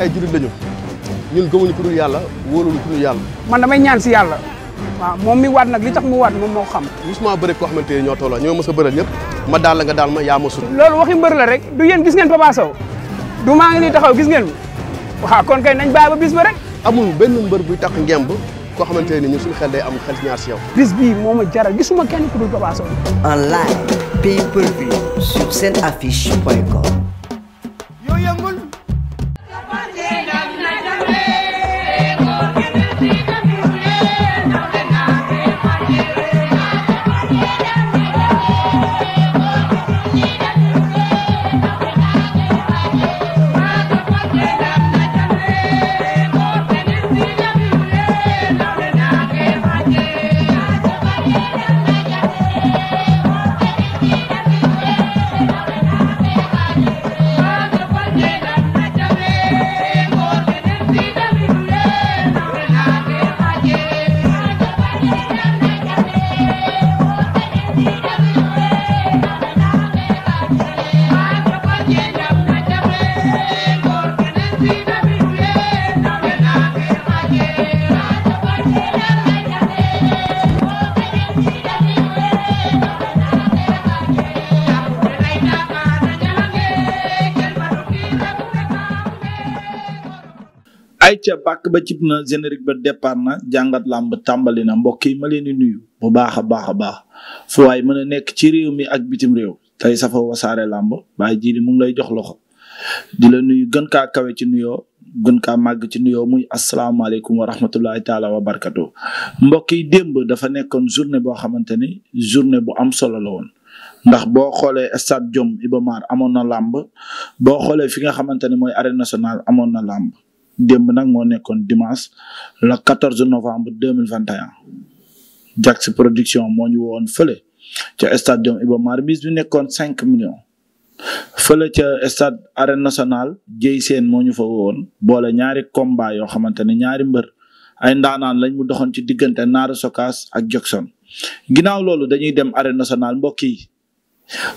ay jullit lañu ñun gëmuñu ku dul yàlla wóoluñu ñaan si yàlla. waaw moom mi waat nag li tax mu waat moom moo xam. gisuma bëri koo xamante ne ñoo tolloo ñoo mës a bëral ñëpp ma daal la nga ma yaa ma sut. loolu waxi mbër la rek du yéen gis ngeen Papa Sow du taxaw gis ngeen waaw kon kay nañ bàyyi ba bis ba rek. amul benn mbër buy tax ngemb koo xamante ne ñun suñu xel am xel ñaar si yow. bis bii moo ma jaral gisuma kenn ku dul Papa Sow. en live pay seen affiche point ca bàkk ba cib na générique ba départ na jàngat làmb tàmbali na mbokk yi ma leen di nuyu bu baax a baax a baax fu mën a nekk ci réew mi ak bitim réew tey safa wasaare làmb waaye jiiri mu ngi lay jox loxo di la nuyu gën kaa kawe ci nuyoo gën kaa màgg ci nuyoo muy asalaamaaleykum wa rahmatullahi taala wa barkatu mbokk yi démb dafa nekkoon journée boo xamante ni journée bu am solo la woon ndax boo xoolee stade Jom Iba Mar amoon na làmb boo xoolee fi nga xamante ne mooy arène nationale amoon na làmb démb nag moo nekkoon dimanche le 14 novembre 2021 Jax production moo woon fële ca stade Iba Mar Diop bi nekkoon cinq millions. fële ca stade arène nationale Dieye Sène moo ñu fa woon boole ñaari combat yoo xamante ne ñaari mbër ay ndaanaan lañ mu doxoon ci diggante naar Sokaas ak Jackson ginnaaw loolu dañuy dem arène national mbokk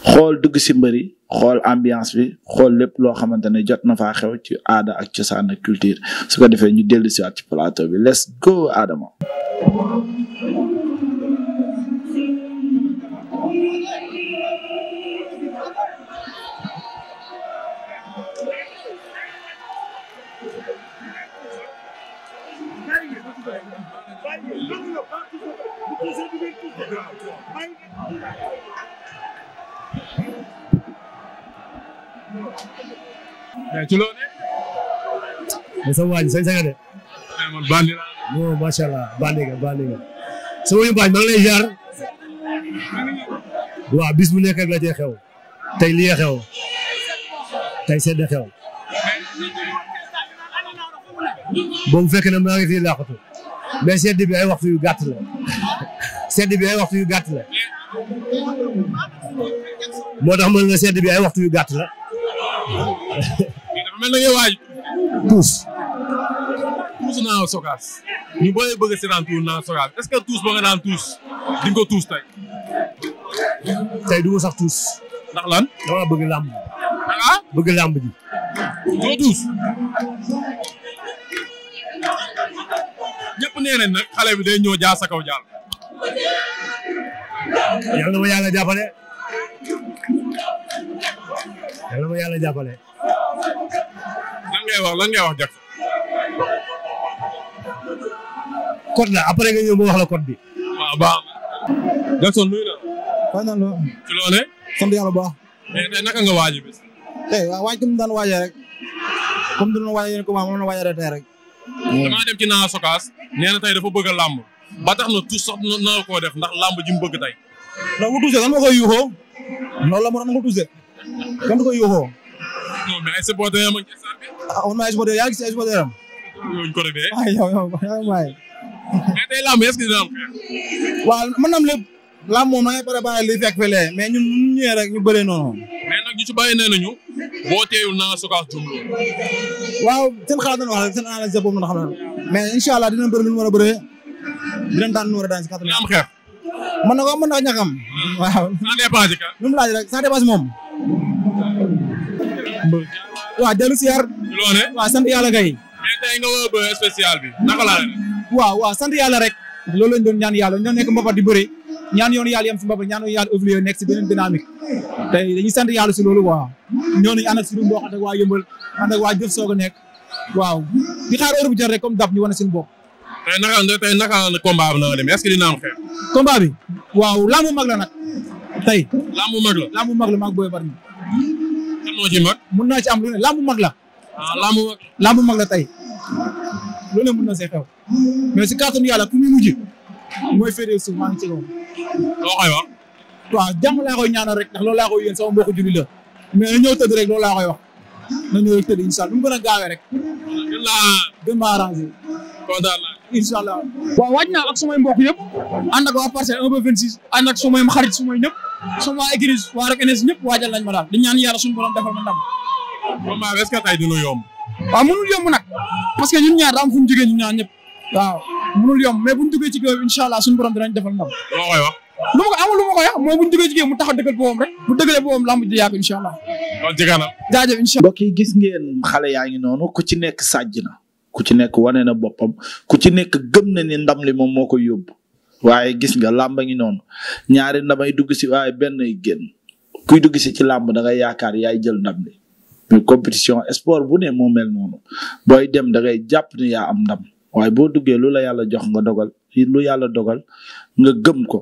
xool dugg si mbëri xool ambiance bi xool lépp loo xamante ne jot na faa xew ci aada ak cosaan ak culture su ko defee ñu dellu si ci plateau bi let's go aadama ci loolu ne. sama waa ji sañ sañ de. Ah, man bandi la. non oh, macha allah bandi nga bandi bis bu nekk rek la xew. tey lii xew. tey sedd xew. boobu fekk na maa ngi fi laaxatu. mais sedd bi ay waxtu yu gàtt la. sedd bi ay waxtu yu gàtt la. moo tax mën nga bi ay waxtu yu gàtt la. man da ngay waaj tuus tuus naa sokaas ñu boolee bëgg si daan tuus naa sokaas est-ce que tuus ba nga tuus di ko tuus tey tey du ma sax tuus ndax lan dama bëgg làmb ah bëgg làmb tuus ñëpp nee nañ nag bi day ñëw jaar sa kaw jaar yàlla na ma yàlla jàppale yàlla na ma yàlla jàppale ngay wax lan ngay wax Jackson. code la après nga ñëw ma wax la code bi. waaw ah, baax na. Jackson nuyu na. fay naa la. ci loolee. sant naka nga waaj a bis. tey eh, waaw waaj comme daan waajee rek. comme du doon waajee rek waaw moom la waajee tey dem ci naa sokaas. nee na tey dafa bëgg a làmb. ba tax na tout sax na koo def ndax làmb ji mu bëgg tey. ndax bu tuusee kan ma koy yuuxoo. la mu doon nga tuusee. kan du non mais ay supporter am ak ah man ngi supporter yaa ngi gis waaw yow yow waaye. mais moom na ngay préparé li fekk fële mais ñun ñu ñëwee rek ñu bëree noonu. mais nag ñu ci bàyyi nee nañu. boo teewul na nga sokaas jum waaw seen xalaat dañu wax rek na mais incha allah dinañ bëri lu ñu war a bëree. dinañ daan nu a daan si kattan. am xeex. mën na ko mën na ko ñàkkam. Ah. waaw. ça dépend rek ça dépend moom. làmb. waaw dellu si yar. loone waaw sant yàlla kay. mais tey nga woo ba spécial bi naka laa waaw waaw sant yàlla rek. loolu lañ doon ñaan yàlla ñoo nekk mbapat di bëri ñaan yoonu yàlla yem si mbapat ñaan yoonu yàlla évolué nekk si beneen dynamique tey dañuy sant yàlla si loolu waaw ñoo nañu ànd ak suñu mbokk ànd ak waa yëmbal ànd ak waa jëf soog a nekk waaw di xaar heure bu jot rek comme dab ñu wane suñu bopp tey naka tey naka combat bi nanga demee est-ce que dina am xeex combat bi waaw laamu mag la nag tey laamu mag la laamu mag la maag booy bari moo ci mag mun naa ci am lu ne làmb mag la. ah làmb mag làmb mag la tey lu ne mun na see xew si kàttanu yàlla ku muy mujj mooy féetee suuf maa ngi ci kaw. loo koy wax. waaw jàmm laa koy ñaanal rek ndax loolu laa koy yéen la mais na ñëw tëdd rek loolu e koy wax na ñëw tëdd incha allah bu mu a rek. gën laa gën incha allah waaw waaj naa ak sumay mbokk yëpp ànd ak waa parcelle 1 ba 26 ànd ak sumay xarit sumay ñëpp suma waa église waa rek énes ñëpp waajal nañ ma daal di ñaan yàlla suñu borom defal ma ndam. vraiment est-ce que tey dina yomb. allah suñu borom dinañ defal ndam. loo koy wax. lu ma ko amul lu ma koy wax mooy bu ñu duggee mu tax a dëggal bu dëggalee boobam lamb allah. kon ci allah. mbokk yi gis ngeen xale yaa ngi noonu ku ci nekk ku ci nekk wane na boppam ku ci nekk gëm na ni ndam li moom moo koy yóbbu waaye gis nga làmba ngi noonu ñaari ndamay dugg si waaye benn ay génn kuy dugg si ci làmb da ngay yaakaar yaay jël ndam li mais compétition sport bu ne moo mel noonu booy dem da ngay jàpp ne yaa am ndam waaye boo duggee lu la yàlla jox nga dogal lu yàlla dogal nga gëm ko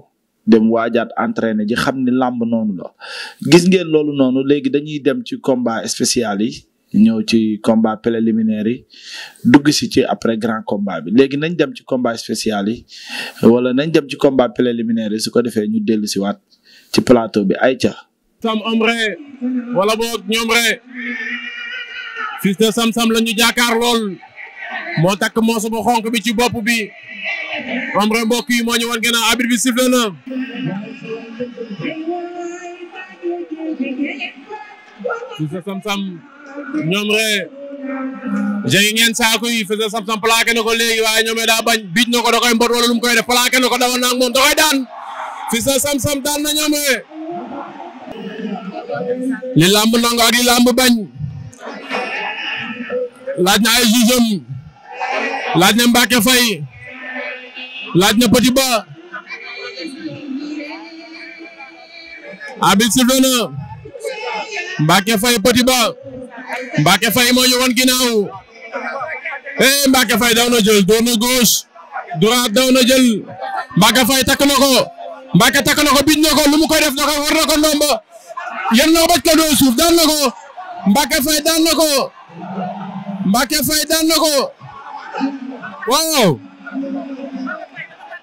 dem waajaat entraîné ji xam ni làmb noonu la gis ngeen loolu noonu léegi dañuy dem ci combat spécial yi ñëw ci combat préliminaire yi dugg si ci après grand combat bi léegi nañ dem ci combat spécial yi wala nañ dem ci combat préliminaire yi su ko defee ñu dellu si waat ci plateau bi ay ca sam wala boog ñoom ree fils de sam-sam la ñu jaakaar moo takk mooso bu xonk bi ci bopp bi am re mbokk yi moo ñu wan gën a abir bi sifle ñoom rek jëngi ngeen saako yi Fils de Samson plaqué na ko léegi waaye ñoom daa bañ biij na ko da koy mbot wala koy def plaqué na ko dawal na ak moom da koy daan Fils de Samson daan na ñoom rek li làmb nangu ak li làmb bañ laaj na ay jugeem laaj na Mbacke Faye laaj na Petit Ba abit sifle na Mbacke Faye Ba Mbacke Faye moo ñu woon ginnaaw eh Mbacke Faye daw na jël door na gauche droite daw na jël Mbacke Faye takk na ko Mbacke takk na ko biñ na lu mu koy def na war na ko ndombo yan na ko bañ ko doon daan na ko Mbacke daan na waaw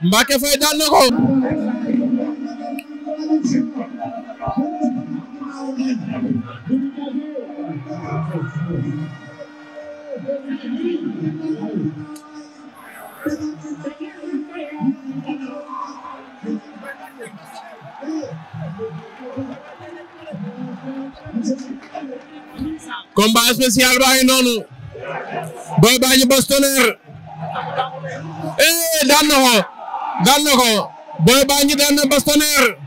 Mbacke Faye daan na combat spécial baa ngi noonu Boy Badji Boss Tonnerre eh, daan na ko daan na ko Boy Badji daan na Boss Tonnerre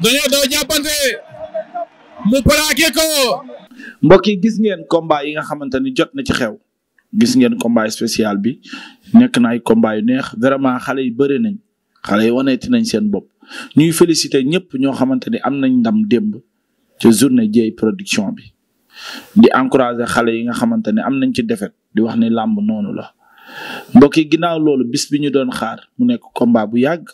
dañoo doo mu plaqué ko mbokk yi gis ngeen combat yi nga xamante ni jot na ci xew gis ngeen combat spécial bi nekk na ay combat yu neex vraiment xale yi bëri nañ xale yi waneeti nañ seen bopp ñuy féliciter ñëpp ñoo xamante ni am nañ ndam démb ci journée Dieye production bi di encourager xale yi nga xamante ne am nañ ci defet di wax ni làmb noonu la mbokk yi ginnaaw loolu bis bi ñu doon xaar mu nekk combat bu yàgg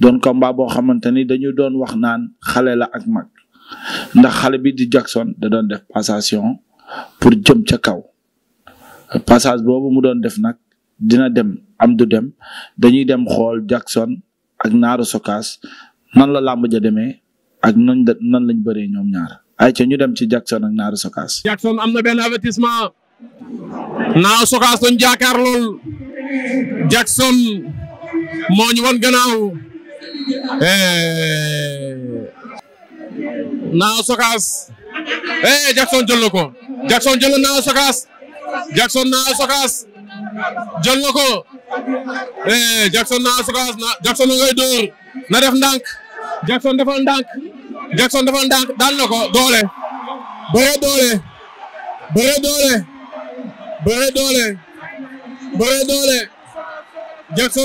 doon combat boo xamante ni dañu doon wax naan xale la ak mag ndax xale bi di Jackson da doon def passation pour jëm ca kaw passage boobu mu doon def nag dina dem am du dem dañuy dem xool Jackson ak naar sokaas nan la làmb ja demee ak nan nan lañ bëree ñoom ñaar ay ca ñu dem ci Jackson ak naaru sokaas. Jackson am na benn avertissement naaru sokaas lañ jaakaar lool Jackson moo ñu wan gannaaw. Eh. Naaw Sokaas eh Jackson jël na ko Jackson jël na Naaw Sokaas Jackson Naaw Sokaas jël na ko eh Jackson Sokaas Jackson na ngay dóor na def ndànk Jackson defal ndànk Jackson defal ndànk daan na doole bëre doole bëre doole bëre doole bëre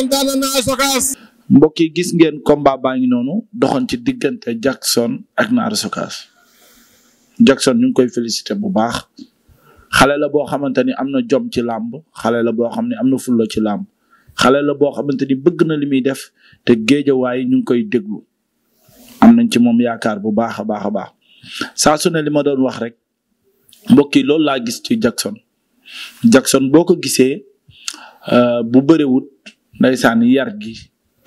daan na Naaw Sokaas mbokk yi gis ngeen combat baa ngi noonu doxoon ci diggante Jackson ak Naar Sokaas Jackson ñu ngi koy félicité bu baax xale la boo xamante ni am na jom ci làmb xale la boo xam ne am na fulla ci làmb xale la boo xamante ni bëgg na li muy def te géejawaay ñu ngi koy déglu am nañ ci moom yaakaar bu baax a baax a baax ne li ma doon wax rek mbokk yi loolu laa gis ci Jackson Jackson boo ko gisee euh, bu bëriwut ndeysaan yar gi.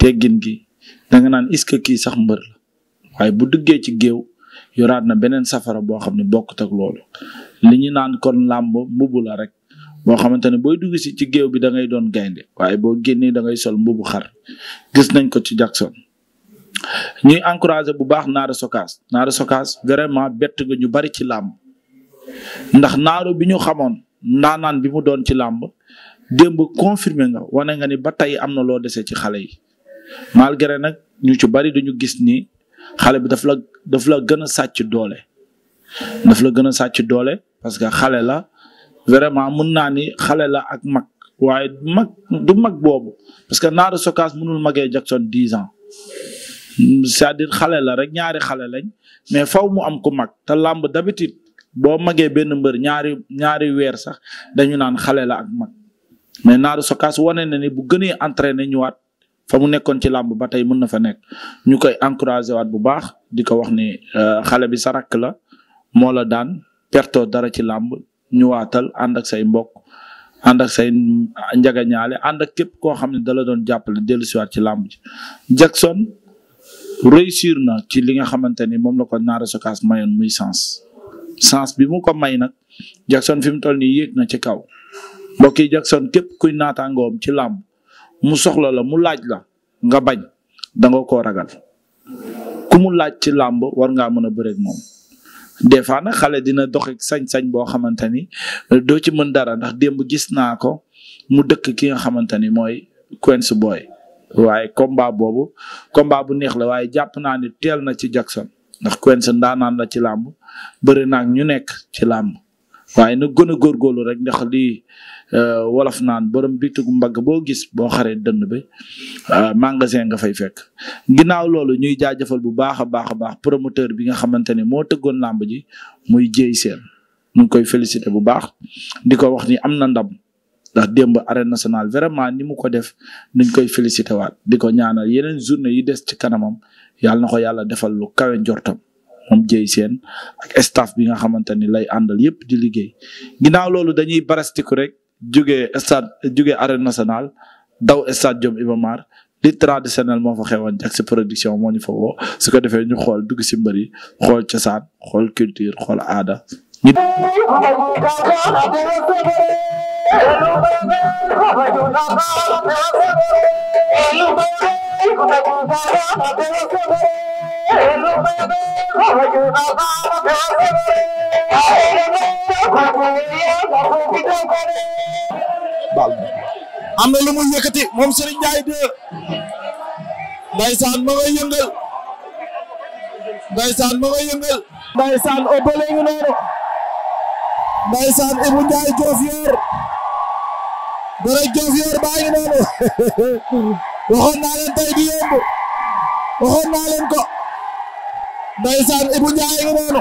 teggin gi danga naan est-ce que kii sax mbër la waaye bu duggee ci géew yoraat na beneen safara boo xam ne bokkut ak loolu li ñu naan kon làmb mbubu la rek boo xamante ne booy dugg si ci géew bi da ngay doon gaynde waaye boo génnee da ngay sol mbubu xar gis nañ ko ci Jackson. ñuy encouragé bu baax Naare Sokaas Naare Sokaas vraiment bett nga ñu bari ci làmb ndax naaro bi ñu xamoon ndaanaan bi mu doon ci làmb démb confirmé nga wane nga ni ba tey am na loo dese ci xale yi. malgré nag ñu ci bari dañu gis ni xale bi daf la daf la gën a sàcc doole daf la gën a sàcc doole parce que xale la vraiment mun naa ni xale la ak mag waaye mag du mag boobu parce que Narou Sogas mënul magee Jackson dix ans cest à xale la rek ñaari xale lañ mais faw mu am ku mag te làmb d'habitude boo magee benn mbër ñaari ñaari weer sax dañu naan xale la ak mag mais Narou Sogas wane na ni bu gënee entraîné ñëwaat fa mu nekkoon ci làmb ba tey mën na fa nekk ñu koy encouragé waat bu baax di ko wax ni euh, xale bi sa rakk la moo la daan perto dara ci làmb ñu waatal ànd ak say mbokk ànd ak say njagañaale ànd ak képp koo xam ne dala doon jàppale dellu siwaat ci làmb ji Jackson réussir na ci li nga xamante ni moom la ko Naar Sokaas mayoon muy sens sens bi mu ko may nag Jackson fi mu toll nii yéeg na ci kaw mbokk yi Jackson képp kuy naataangoom ci làmb mu soxla la mu laaj la nga bañ da nga koo ragal ku mu laaj ci làmb war ngaa mën a bëreeg moom. des fois nag xale dina doxi sañ-sañ boo xamante ni doo ci mën dara ndax démb gis naa ko mu dëkk ki nga xamante ni mooy Quench Boy waaye combat boobu combat bu neex la waaye jàpp naa ni teel na ci Jackson ndax Quench ndaanaan la ci làmb bëri naag ñu nekk ci làmb waaye na gën a góorgóorlu rek ndax li euh, wolof naan borom bitug mbagg boo gis boo xaree dënn bi euh, magasin nga fay fekk. ginnaaw loolu ñuy jaajëfal bu baax a baax a baax promoteur bi nga xamante ne moo tëggoon làmb ji muy jéey seen ñu ngi koy félicité bu baax di ko wax ni am na ndam. ndax démb arène nationale vraiment ni mu ko def dañ koy félicité waat di ko ñaanal yeneen journée yi des ci kanamam yàlla na ko yàlla defal lu kawe njortam moom jëy seen ak staff bi nga xamante ni lay àndal yëpp di liggéey ginnaaw loolu dañuy barastiku rek jugee stade juge arène national daw stade Jom Iba Mar li traditionnel moo fa xewoon ak sa production moo ñu fa woo su ko defee ñu xool dugg si mbër xool cosaan xool culture xool aada am na lu muy yëkkati moom Serigne Ndiaye de ndaysaan ma ngay yëngal ndaysaan ma ngay yëngal ndaysaan obale ngi noonu ndaysaan Ibou Ndiaye Diofior dara Diofior baa ngi noonu waxoon naa leen tey di yomb waxoon naa leen ko ndeysaan Ibu Njaay ngi noonu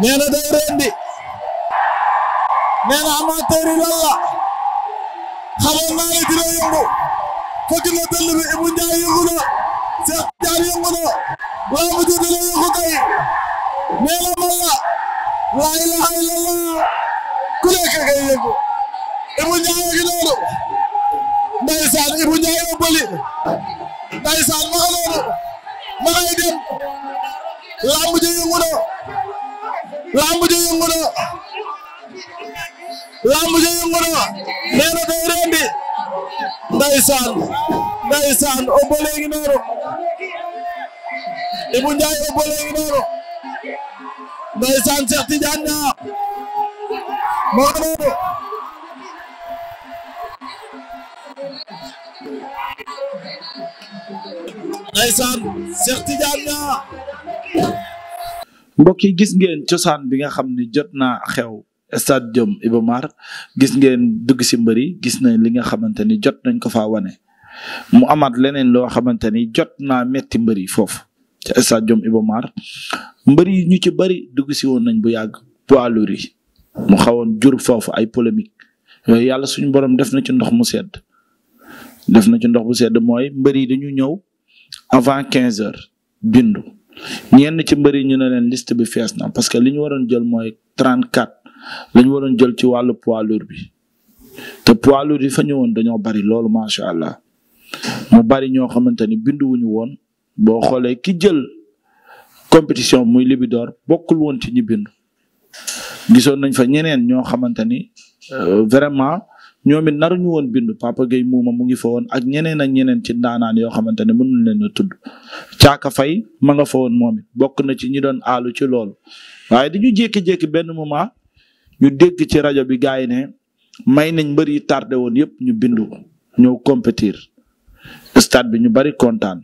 nee na day rendi nee na amateur yi lan la xamoon naa ne dina yëngu fekk na dëll bi Ibu Njaay yëngu na Cheikh Tidiane yëngu na laa mu ji dina yëngu kay nee na man la laa ilaha illallah ku nekk ngay yëngu Ibu Njaay ngi noonu ndeysaan Ibu Njaay ëppali ndeysaan ma nga noonu ma ngay dem lamb ji yëngu na lamb ji yëngu na lamb ji yëngu na nee na day rendi ndeysaan ndeysaan obbo léegi noonu Ibou Ndiaye obbo léegi noonu ndeysaan Cheikh Tidiane ñaa moo ndeysaan mbokk yi gis ngeen cosaan bi nga xam ne jot naa xew stade Diom Iba Mar gis ngeen dugg si mbër gis na li nga xamante ni jot nañ ko faa wane mu amaat leneen loo xamante ni jot naa metti mbër yi foofu ci stade Diom Iba Mar mbër yi ñu ci bëri dugg si woon nañ bu yàgg poids mu xawoon jur foofu ay polémique yooyu yàlla suñu borom def na ci ndox mu sedd def na ci ndox mu sedd mooy mbër yi dañu ñëw avant 15 heures bindu ñenn ci mbëri ñu ne leen liste bi fees na parce que li ñu waroon jël mooy 34 la ñu waroon jël ci wàllu poids bi te poids yi fa ñëwoon dañoo bari loolu macha allah mu bari ñoo xamante ni bindu wuñu woon boo xoolee ki jël compétition muy libidoor bokkul woon ci ñi bindu gisoon nañ fa ñeneen ñoo xamante ni euh, vraiment. ñoom it naruñu woon bindu Papa Gueye muuma mu ngi fa woon ak ñeneen ak ñeneen ci ndaanaan yoo xamante ne mënuñ leen a tudd caaka fay ma nga fa moom bokk na ci ñu doon aalu ci loolu waaye dañu jékki-jékki benn moment ñu dégg ci rajo bi gars ne may nañ mbër yi tardé woon yëpp ñu bindu ñëw compétir stade bi ñu bari kontaan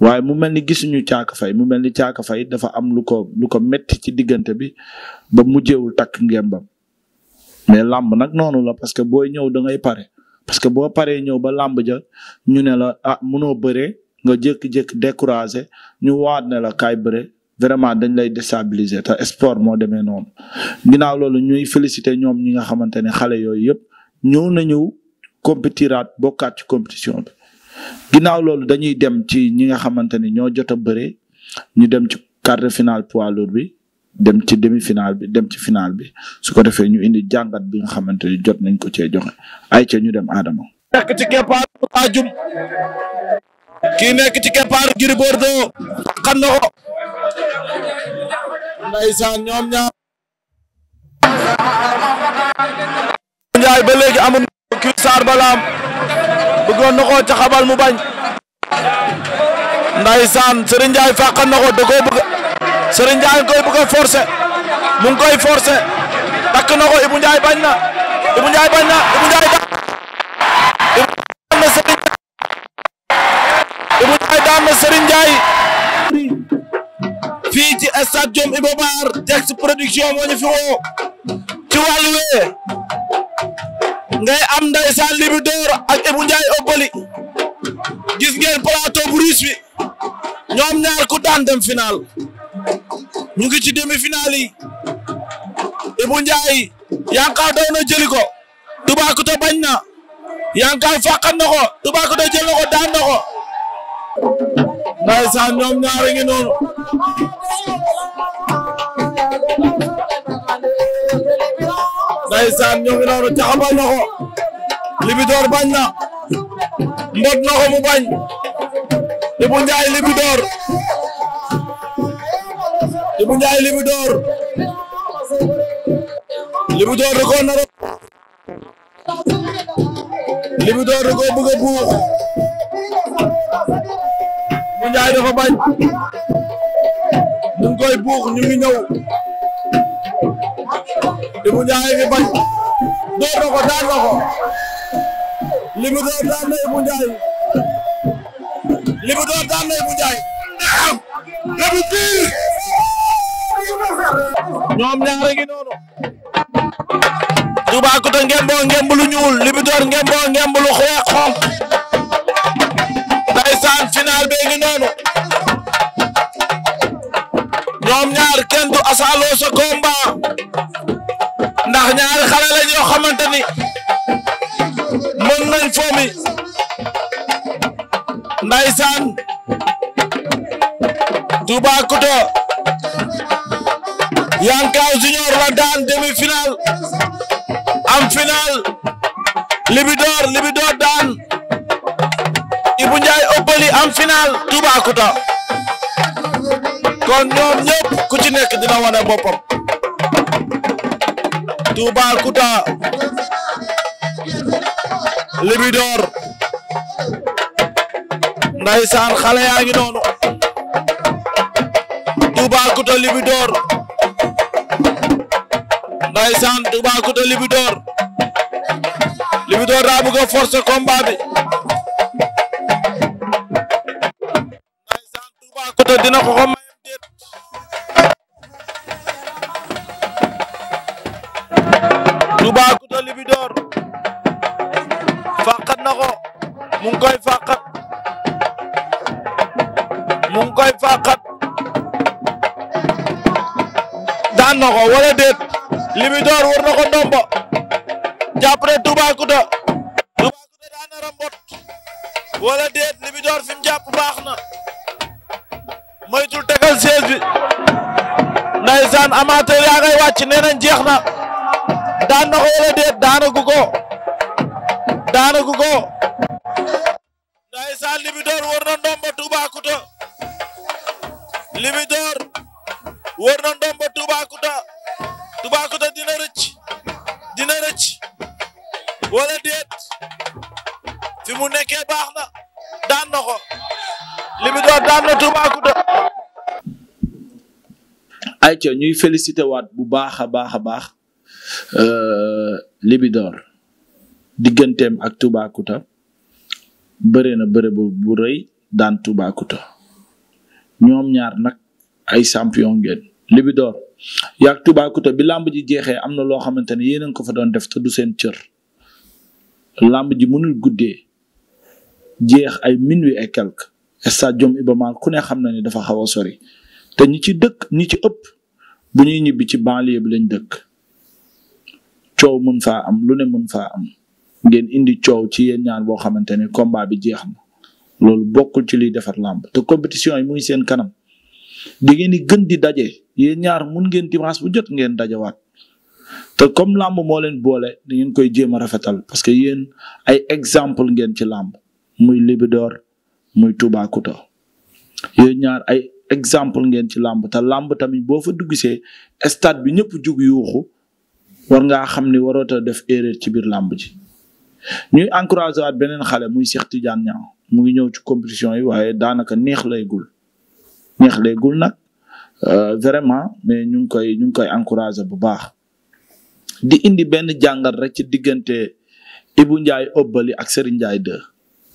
waaye mu mel ni gisuñu caaka fay mu mel ni caaka fay dafa am lu ko lu ko metti ci diggante bi ba mujjewul takk ngembam mais làmb nag noonu la parce que booy ñëw dangay ngay pare parce que boo paree ñëw ba làmb ja ñu ne la ah mënoo bëree nga jékki-jékki découragé ñu waat ne la kaay bëre vraiment dañ lay déstabiliser te sport moo demee noonu. ginnaaw loolu ñuy féliciter ñoom ñi nga xamante ne xale yooyu yëpp ñëw nañu compétiraat bokkaat ci compétition bi ginnaaw loolu dañuy dem ci ñi nga xamante ni ñoo jot a bëre ñu dem ci quart de finale poids bi dem ci demi-finale bi dem ci finale bi su ko defee ñu indi jàngat bi nga xamante ni jot nañ ko cee joxe ay ca ñu dem Adama. nekk ci keppaaru Taajum kii nekk ci keppaaru Gris Bordeaux xam na ko. ñoom ñaar. Njaay ba léegi amul kii Saar Balaam bëggoon na koo ca xabal mu bañ. ndeysaan Serigne Ndiaye fàqan na ko da koo Serigne Ndiaye koy bëgg a forcer mu koy forcer takk na ko Ibou Ndiaye bañ na Ibou Ndiaye bañ na Ibou Ndiaye daan na Serigne Ibou Ndiaye daan na Serigne Ndiaye Production moo ñu fi woo ci wàllu wee ngay am ndeysaan Libidor ak Ibou Ndiaye Obali gis ngeen plateau bu riche ñoom ñaar ku daan dem final ñu ngi ci demi-finale yi Ibou Ndiaye Yankaw daw na jëli ko Toubacouta bañ na Yankaw fàqan na ko Toubacouta jël na ko daan na ko ñoom ñaar ngi noonu ndaysaan ñoom ngi noonu taxabal na bañ na mbot na mu bañ Ibou Ndiaye Libidor Ibou Ndiaye Libidor Libidor da koo nar a Libidor da koo bëgg a buux Ibou Ndiaye dafa bañ ñu ngi koy buux ñu ngi ñëw Ibou Ndiaye ngi bañ door na ko daan na ko Libidor daan na Ibou Ndiaye Libidor daan na Ibou Ndiaye. ñoom ñaare ngi noonu. Toubacouta ngembo ngemb lu ñuul Libidor ngembo ngemb lu xeex xonk. Ndeysaan final bee ngi noonu. ñoom ñaar kenn du asaaloo sa ndax ñaari xale la ñoo xamante mën nañ foomi. Ndeysaan Toubacouta. Yankaw Junior la daan demi-finale am finale Libidor Libidor daan Ibou Ndiaye am finale Toubacouta kon ñoom ñëpp ku ci nekk dina wane boppam Toubacouta Libidor ndaysaan xale noonu Toubacouta Libidor ndeysaan Toubacouta Libidor Libidor daa bëgg a forcer combat dina ko ko mayam déet Toubacouta Libidor fàqat na ko mu koy fàqat mu koy fàqat daan na ko wala Libidor war na ko ndombo jàpp na Toubacouta Toubacouta daan na rambot wala déet Libidor fi mu jàpp baax na moytul tegal sees bi ndaysaan amateur yaa ngay wàcc nee nañ jeex na daan na ko wala déet daanagu ko daanagu ko ndaysaan Libidor war na ndombo Toubacouta Libidor war na ndombo Toubacouta Toubacouta dina rëcc dina wala déet fi mu nekkee baax na Libidor daan na Toubacouta ayca ñuy félicité waat bu baax a baax a baax euh, Libidor diggantem ak Toubacouta bëre na bëre bu bu rëy daan Toubacouta ñoom ñaar nag ay champion ngeen Libidor yaag Toubacouta bi làmb ji jeexee am na loo xamante ne yéen a ko fa doon def te du seen cër làmb ji mënul guddee jeex ay minuit et quelque stade Jom Iba ku ne xam na ne dafa xaw a sori te ñi ci dëkk ñi ci ëpp bu ñuy ñibbi ci banlieue bi lañ dëkk coow mën faa am lu ne mën faa am ngeen indi coow ci yéen ñaar boo xamante ne combat bi jeex na loolu bokkul ci liy defar làmb te compétition yi muy seen kanam. di ngeen di gën di daje yéen ñaar mun ngeen dimanche bu jot ngeen dajewaat te comme làmb moo leen boole di ngeen koy jéem a rafetal parce que yéen ay exemple ngeen ci làmb muy Libidor muy Toubacouta yéen ñaar ay exemple ngeen ci làmb te làmb tamit boo fa duggisee stade bi ñëpp jug yuuxu war ngaa xam ni waroota def erreur ci biir làmb ji ñuy encouragé waat beneen xale muy Cheikh Tidiane Niang mu ngi ñëw ci compétition yi waaye daanaka neex lay gul ñeex léegul nag euh, vraiment mais ñu ngi koy ñu ngi koy encouragé bu baax. di indi benn jàngat rek ci diggante Ibou njaay Obali ak Serigne Ndiaye 2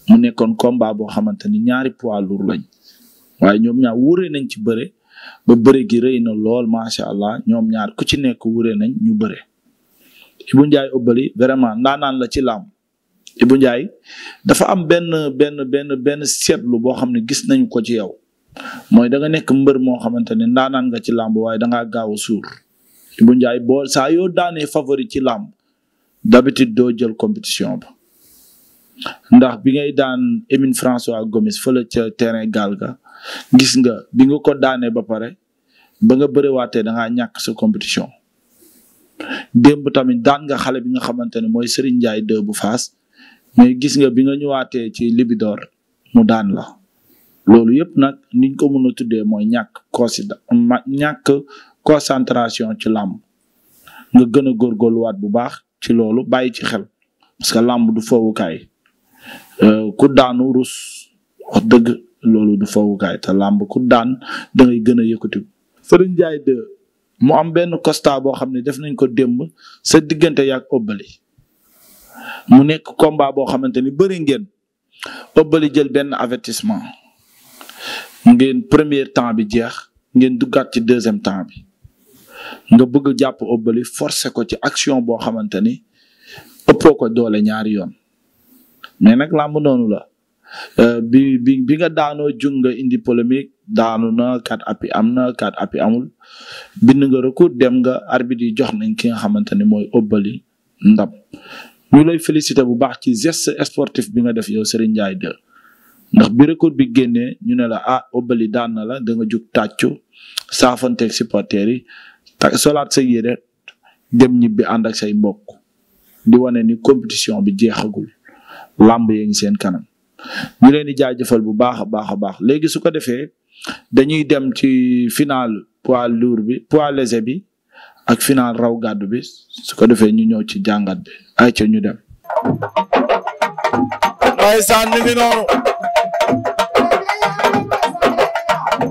mu nekkoon combat boo xamante ni ñaari poids lourd lañ waaye ñoom ñaar wure nañ ci bëre ba bëre gi rëy na lool macha allah ñoom ñaar ku ci nekk wure nañ ñu bëre. Ibou njaay Obali vraiment ndaanaan la ci làmb Ibou Ndiaye dafa am benn benn benn benn seetlu boo xam ne gis nañ ko ci yow mooy da nga nekk mbër moo xamante ne ndaanaan nga ci làmb waaye da ngaa gaaw a suur bu njaay bool saa yoo daanee favori ci làmb d'habitude doo jël compétition ba ndax bi ngay daan Émine François Gomis fële ca terrain gaal ga gis nga bi nga ko daanee ba pare ba nga bëriwaatee da ngaa ñàkk sa compétition démb tamit daan nga xale bi nga xamante ne mooy Serigne Ndiaye 2 bu faas mais gis nga bi nga ñëwaatee ci Libidor mu daan la. loolu yëpp nag niñ ko mën a tuddee mooy ñàkk consi ñàkk concentration ci làmb nga gën a góorgóorluwaat bu baax ci loolu bàyyi ci xel parce que làmb du fowukaay euh, ku daanu rus dëgg loolu du fowukaay te làmb ku daan da ngay gën a yëkkati Serigne Ndiaye mu am benn constat boo xam ne def nañ ko démb sa diggante yaag Obeuli mu nekk combat boo xamante ni bëri ngeen Obeuli jël benn avertissement ngeen premier temps bi jeex ngeen duggaat ci deuxième temps bi nga bëgg jàpp Obali forcé ko ci action boo xamante ni ëppoo ko doole ñaari yoon mais nag làmb noonu la euh, bi bi bi nga daanoo jug nga indi polémique daano na kat api am na kat api amul bind nga recours dem nga arbitre yi jox nañ ki nga xamante ni mooy Obali ndam ñu lay félicité bu baax ci geste sportif bi nga def yow Serigne Ndiaye 2 ndax bi record bi génnee ñu ne la a ah, Obali daan na la da jug tàccu saafanteeg supporters yi solaat sa yére dem ñibbi ànd ak say mbokk di wane ni compétition bi jeexagul làmb yee ngi seen kanam ñu leen di jaajëfal bu baax a baax a baax léegi su ko defee dañuy dem ci final poids lourd bi poids bi ak final raw gàddu bi su ko defee ñu ñëw ci jàngat bi ay ca ñu dem. ndeysaan mi ngi noonu.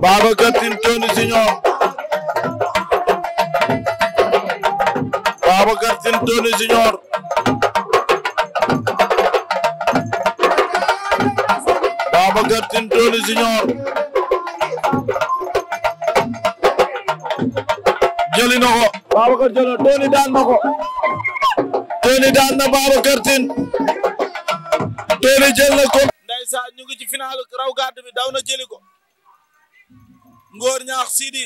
Babacar Tintone Junior Babacar Tintone Junior Babacar Tintone Junior jëli na ko Babacar daan na ko daan na Babacar Tine Tony jël na ko ndeysaan ñu ngi ci finalu raw gàddu bi daw na jëli ko ngóor ñaax Sidi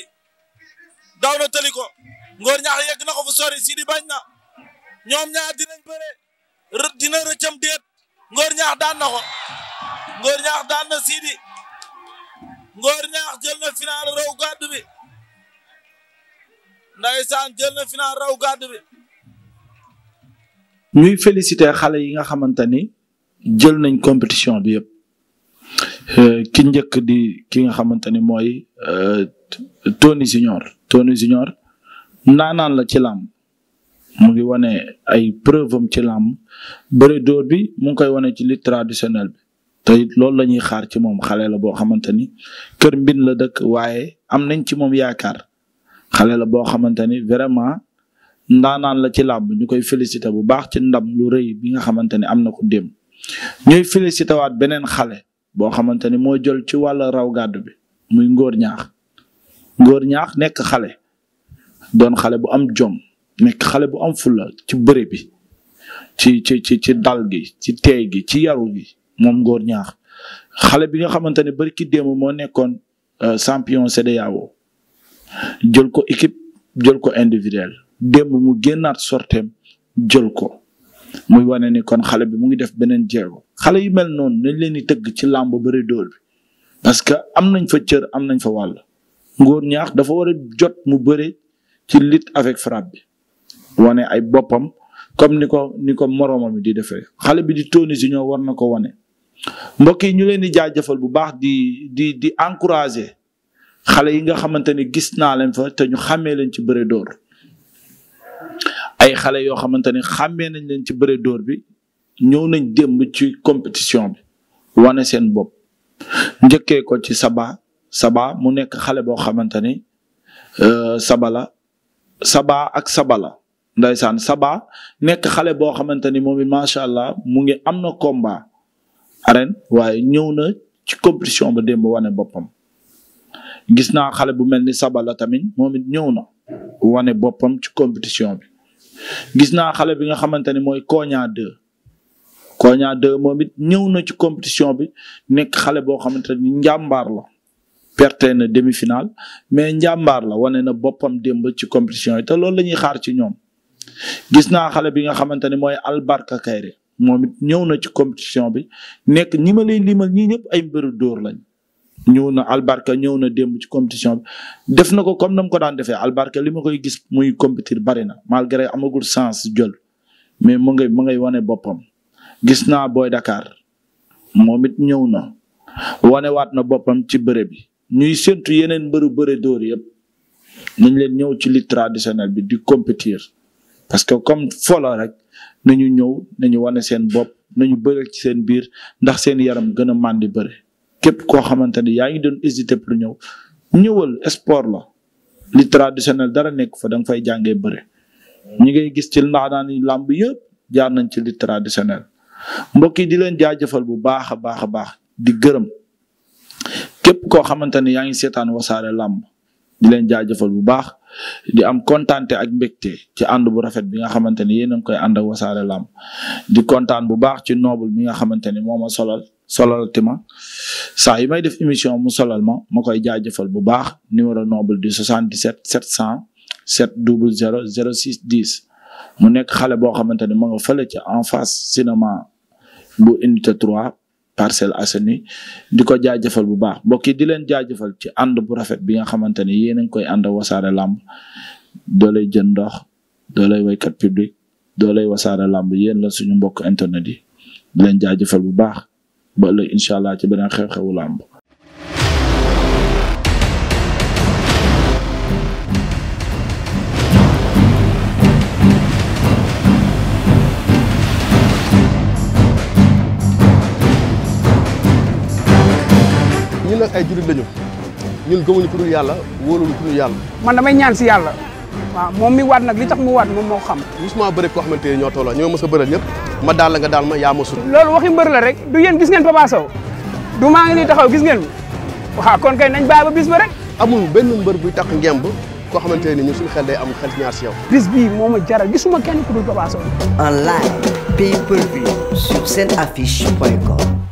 daw na tëli ko ngóor ñaax na ko fu sori Sidi bañ na ñoom ñaar dinañ bëre dina rëccam déet ngóor ñaax daan na ko ngóor ñaax daan na Sidi ngóor ñaax jël na final raw gàddu bi ndaysaan jël na final raw gàddu ñuy féliciter xale yi nga xamante ni jël nañ compétition bi yëpp Euh, ki njëkk di ki nga xamante ni mooy euh, Tony Junior Tony Junior naanaan la ci làmb mu ngi wane ay preuve am ci làmb bëri dóor bi mu ngi koy wane ci lutte traditionnelle bi te it loolu la ñuy xaar ci moom xale la boo xamante ni kër mbin la dëkk waaye am nañ ci moom yaakaar xale la boo xamante ni vraiment ndaanaan la ci làmb ñu koy félicité bu baax ci ndam lu rëy bi nga xamante ni am na ko démb ñuy félicité waat beneen xale boo xamante ni moo jël ci wàll raw gàddu bi muy ngóor ñaax ngóor ñaax nekk xale doon xale bu am jom nekk xale bu am fulla ci bëre bi ci ci ci ci dal gi ci teey gi ci yaru gi moom ngóor ñaax xale bi nga xamante ne bari ki moo nekkoon euh, champion CEDEAO jël ko équipe jël ko individuel démb mu génnaat sorteem jël ko muy wane ni kon xale bi mu ngi def beneen jéego xale yu mel noonu nañ leen di tëgg ci làmb bëri dóol bi parce que am nañ fa cër am nañ fa wàll. ngóor ñaax dafa war a jot mu bëre ci lutte avec frappe bi wane ay boppam comme ni ko ni ko moroomam di defee xale bi di Tony Junior war na ko wane. mbokk yi ñu leen di jaajëfal bu baax di di di encourager xale yi nga xamante ni gis naa leen fa te ñu xàmmee leen ci bëre door ay xale yoo xamante ne xàmmee nañ leen ci bëre dóor bi ñëw nañ démb ci compétition bi wane seen bopp njëkkee ko ci Saba Saba mu nekk xale boo xamante ni euh, Saba la Saba ak sabala la Saba nekk xale boo xamante ni moom it macha allah mu ngi am na combat ren waaye ñëw na ci compétition ba démb wane boppam. gis naa xale bu mel ni sabala tamit moom it na wane boppam ci compétition bi. gis naa xale bi nga xamante ne mooy Koña 2 moom it ñëw na ci compétition bi nekk xale boo xamante ni njàmbaar la perte na demi-finale mais njàmbaar la wane na boppam démb ci compétition yi te loolu lañuy xaar ci ñoom gis naa xale bi nga xamante ne mooy Albarka Kayre moom it ñëw na ci compétition bi nekk ñi ma lay limal ñii ñëpp ay mbëru dóor lañ ñëw na albarka ñëw na démb ci compétition bi def na ko comme na mu ko daan defee albarka li ma koy gis muy compétir bari na malgré amagul sens jol mais mu ngay mu ngay wane boppam gis naa booy Dakar moom it ñëw na wanewaat na boppam ci bëre bi ñuy séntu yeneen mbëru bëre dóor yëpp nañ leen ñëw ci lutte traditionnelle bi di compétir parce que comme folo rek nañu ñëw nañu wane seen bopp nañu bëre ci seen biir ndax seen yaram gën a màndi bëre képp koo xamante ni yaa ngi doon hésité pour ñëw ñëwal sport la li traditionnel dara nekk fa da nga fay jàngee bëre ñi ngay gis ci ndaanaan yi làmb yëpp jaar nañ ci li traditionnel mbokk yi di leen jaajëfal bu baax a baax a baax di gërëm képp koo xamante ni yaa ngi seetaan wasaare làmb di leen jaajëfal bu baax di am kontante ak mbégte ci ànd bu rafet bi nga xamante ni yéen a ngi koy ànd ak wasaare làmb di kontaan bu baax ci noobul bi nga xamante ni moo ma solal solalati ma yi may def émission mu solal ma ma koy jaajëfal bu baax numéro noble du 77 707 00 06 10 mu nekk xale boo xamante ne ma nga fële ci en face cinéma bu unité 3 Parcelles Assainies di ko jaajëfal bu baax mbokk di leen jaajëfal ci ànd bu rafet bi nga xamante ne yéen a ngi koy ànd wasaare làmb doo jën ndox doole lay waykat public doo lay wasaare lamb yéen la suñu mbokk internet yi di leen jaajëfal bu baax. ba ëllëg incha allah ci beneen xew-xewu làmb ñun nag ay jullit lañu ñun gëmuñu ku yàlla wóoluñu ku dul yàlla. man damay ñaan si yàlla. waaw moom mi waat nag li tax mu waat moom moo xam musuma bëri koo xamante ni ñoo tolloo ñoo mës a bëral ñëpp ma daal la nga daal ma yaa ma sut loolu waxi mbër la rek du yéen gis ngeen Papa du maa ngi nii taxaw gis ngeen waaw kon kay nañ bàyyi ba bis ba rek amul benn mbër buy tax ngemb koo xamante ni ñun suñu xel day am xel ñaar si yow bis bii moo ma jaral gisuma kenn ku dul Papa Sow pay per view sur seen affiche point com